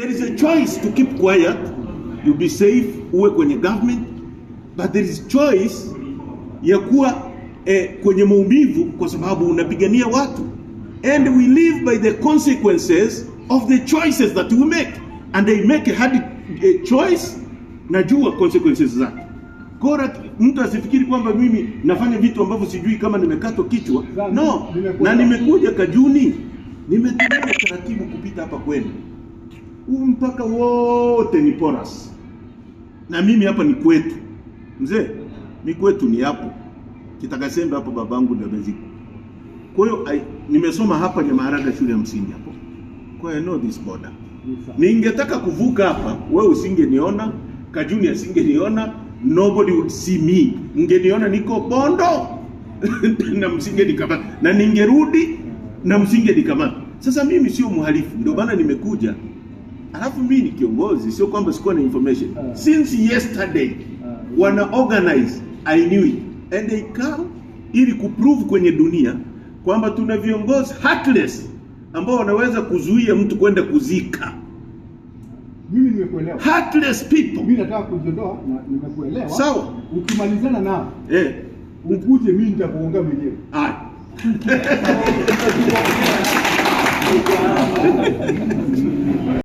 There is a choice to keep quiet, you be safe, uwe kwenye government, but there is choice ya kuwa eh, kwenye maumivu kwa sababu unapigania watu. And we live by the consequences of the choices that we make. And they make a hard a eh, choice, najua consequences zake. Kora mtu asifikiri kwamba mimi nafanya vitu ambavyo sijui kama nimekatwa kichwa. No, na nimekuja Kajuni, nimetumia taratibu kupita hapa kwenu huu mpaka wote ni poras, na mimi hapa ni kwetu mzee, ni kwetu, ni hapo Kitakasembe, hapo babangu ndio amezikwa. Kwa hiyo nimesoma hapa Nyamaharaga shule ya msingi hapo, kwa I know this border. Ningetaka kuvuka hapa, wewe usingeniona, Kajuni asingeniona, nobody would see me. Mngeniona niko Bondo na msinge nikamata, na ningerudi na msinge nikamata. Sasa mimi sio muhalifu, ndio maana nimekuja Alafu mimi ni kiongozi, sio kwamba sikuwa na information. Uh, since yesterday uh, wana organize I knew it and they come ili kuprove kwenye dunia kwamba tuna viongozi heartless ambao wanaweza kuzuia mtu kwenda kuzika. Mimi nimekuelewa. Heartless people. Mimi nataka kujiondoa na nimekuelewa. Sawa. Ukimalizana nao. Eh. Ukuje mimi nitakuongea mwenyewe. Haya.